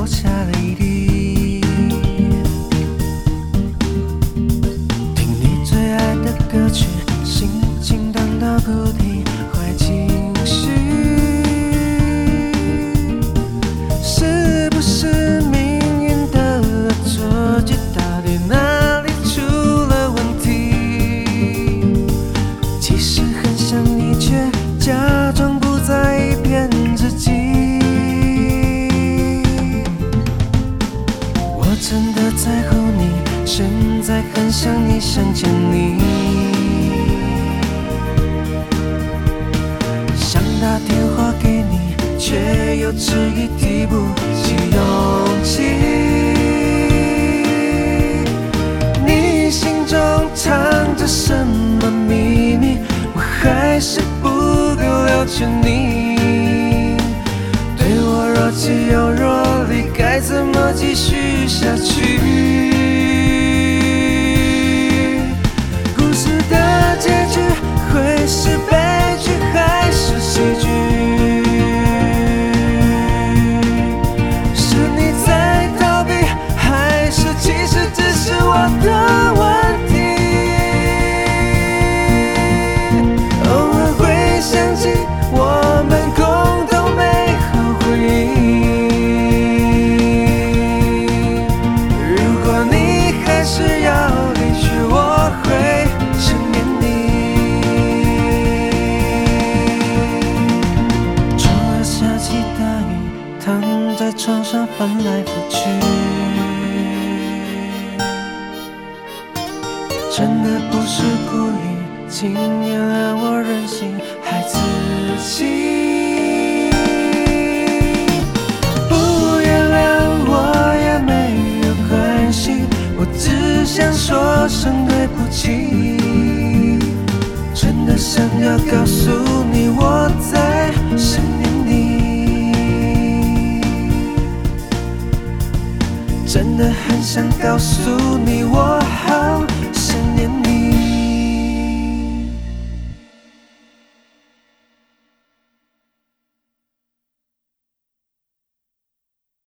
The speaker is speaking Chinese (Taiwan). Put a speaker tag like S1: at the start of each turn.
S1: 落下淚滴。的在乎你，現在很想你，想見你，想打電話給你，卻又遲疑，提不起勇氣。你心中藏着什麼？翻來覆去，真的不是故意，請原諒我任性、孩子氣。不原諒我也沒有關係，我只想說聲對不起。真的想要告訴你，我在想。真的很想告訴你，我。